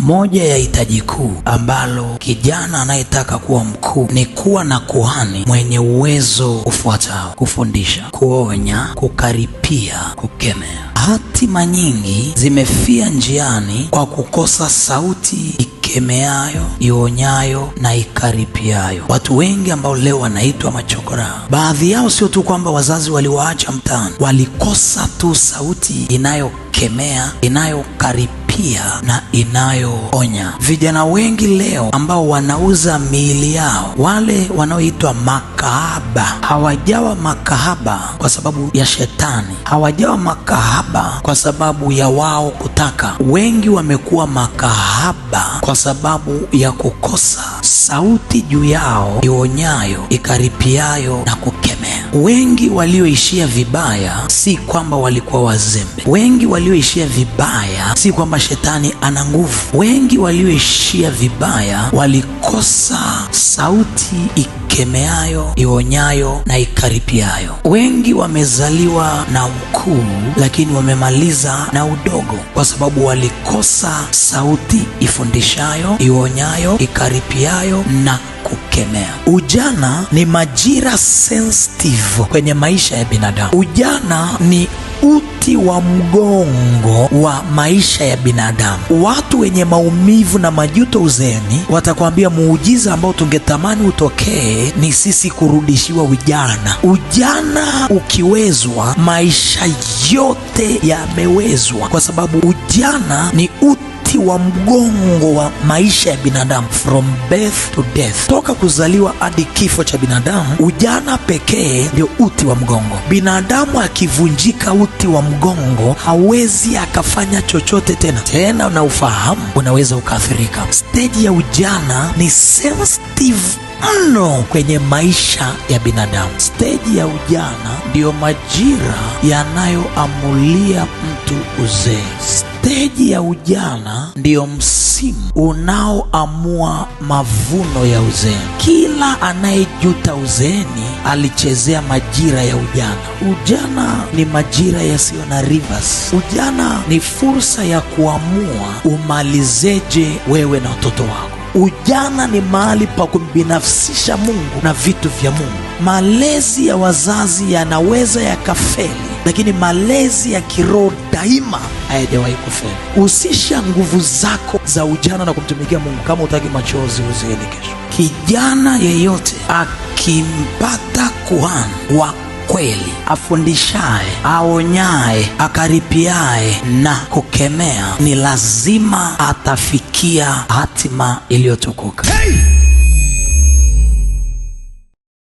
Moja ya hitaji kuu ambalo kijana anayetaka kuwa mkuu ni kuwa na kuhani mwenye uwezo ufuatao: kufundisha, kuonya, kukaripia, kukemea. Hatima nyingi zimefia njiani kwa kukosa sauti ikemeayo, ionyayo na ikaripiayo. Watu wengi ambao leo wanaitwa machokora, baadhi yao sio tu kwamba wazazi waliwaacha mtaani, walikosa tu sauti inayokemea, inayokaripia pia na inayoonya. Vijana wengi leo ambao wanauza miili yao, wale wanaoitwa makahaba, hawajawa makahaba kwa sababu ya shetani, hawajawa makahaba kwa sababu ya wao kutaka. Wengi wamekuwa makahaba kwa sababu ya kukosa sauti juu yao ionyayo, ikaripiayo na kuke Wengi walioishia vibaya si kwamba walikuwa wazembe. Wengi walioishia vibaya si kwamba shetani ana nguvu. Wengi walioishia vibaya walikosa sauti ikemeayo, ionyayo na ikaripiayo. Wengi wamezaliwa na ukuu, lakini wamemaliza na udogo, kwa sababu walikosa sauti ifundishayo, ionyayo, ikaripiayo na kukemea. Ujana ni majira sensitive kwenye maisha ya binadamu. Ujana ni uti wa mgongo wa maisha ya binadamu. Watu wenye maumivu na majuto uzeni watakwambia muujiza ambao tungetamani utokee ni sisi kurudishiwa ujana. Ujana ukiwezwa, maisha yote yamewezwa, kwa sababu ujana ni uti wa mgongo wa maisha ya binadamu, from birth to death, toka kuzaliwa hadi kifo cha binadamu. Ujana pekee ndio uti wa mgongo. Binadamu akivunjika uti wa mgongo hawezi akafanya chochote tena tena, na ufahamu unaweza ukaathirika. Steji ya ujana ni sensitive mno kwenye maisha ya binadamu. Steji ya ujana ndiyo majira yanayoamulia mtu uzee. Steji ya ujana ndiyo msimu unaoamua mavuno ya uzeeni. Kila anayejuta uzeeni alichezea majira ya ujana. Ujana ni majira yasiyo na rivers. Ujana ni fursa ya kuamua umalizeje wewe na watoto wako. Ujana ni mahali pa kumbinafsisha Mungu na vitu vya Mungu. Malezi ya wazazi yanaweza yakafeli, lakini malezi ya kiroho daima hayajawahi kufeli. Husisha nguvu zako za ujana na kumtumikia Mungu. Kama utaki machozi, uzeeni kesho. Kijana yeyote akimpata kuhani wa kweli afundishaye, aonyaye, akaripiaye na kukemea, ni lazima atafikia hatima iliyotukuka. Hey!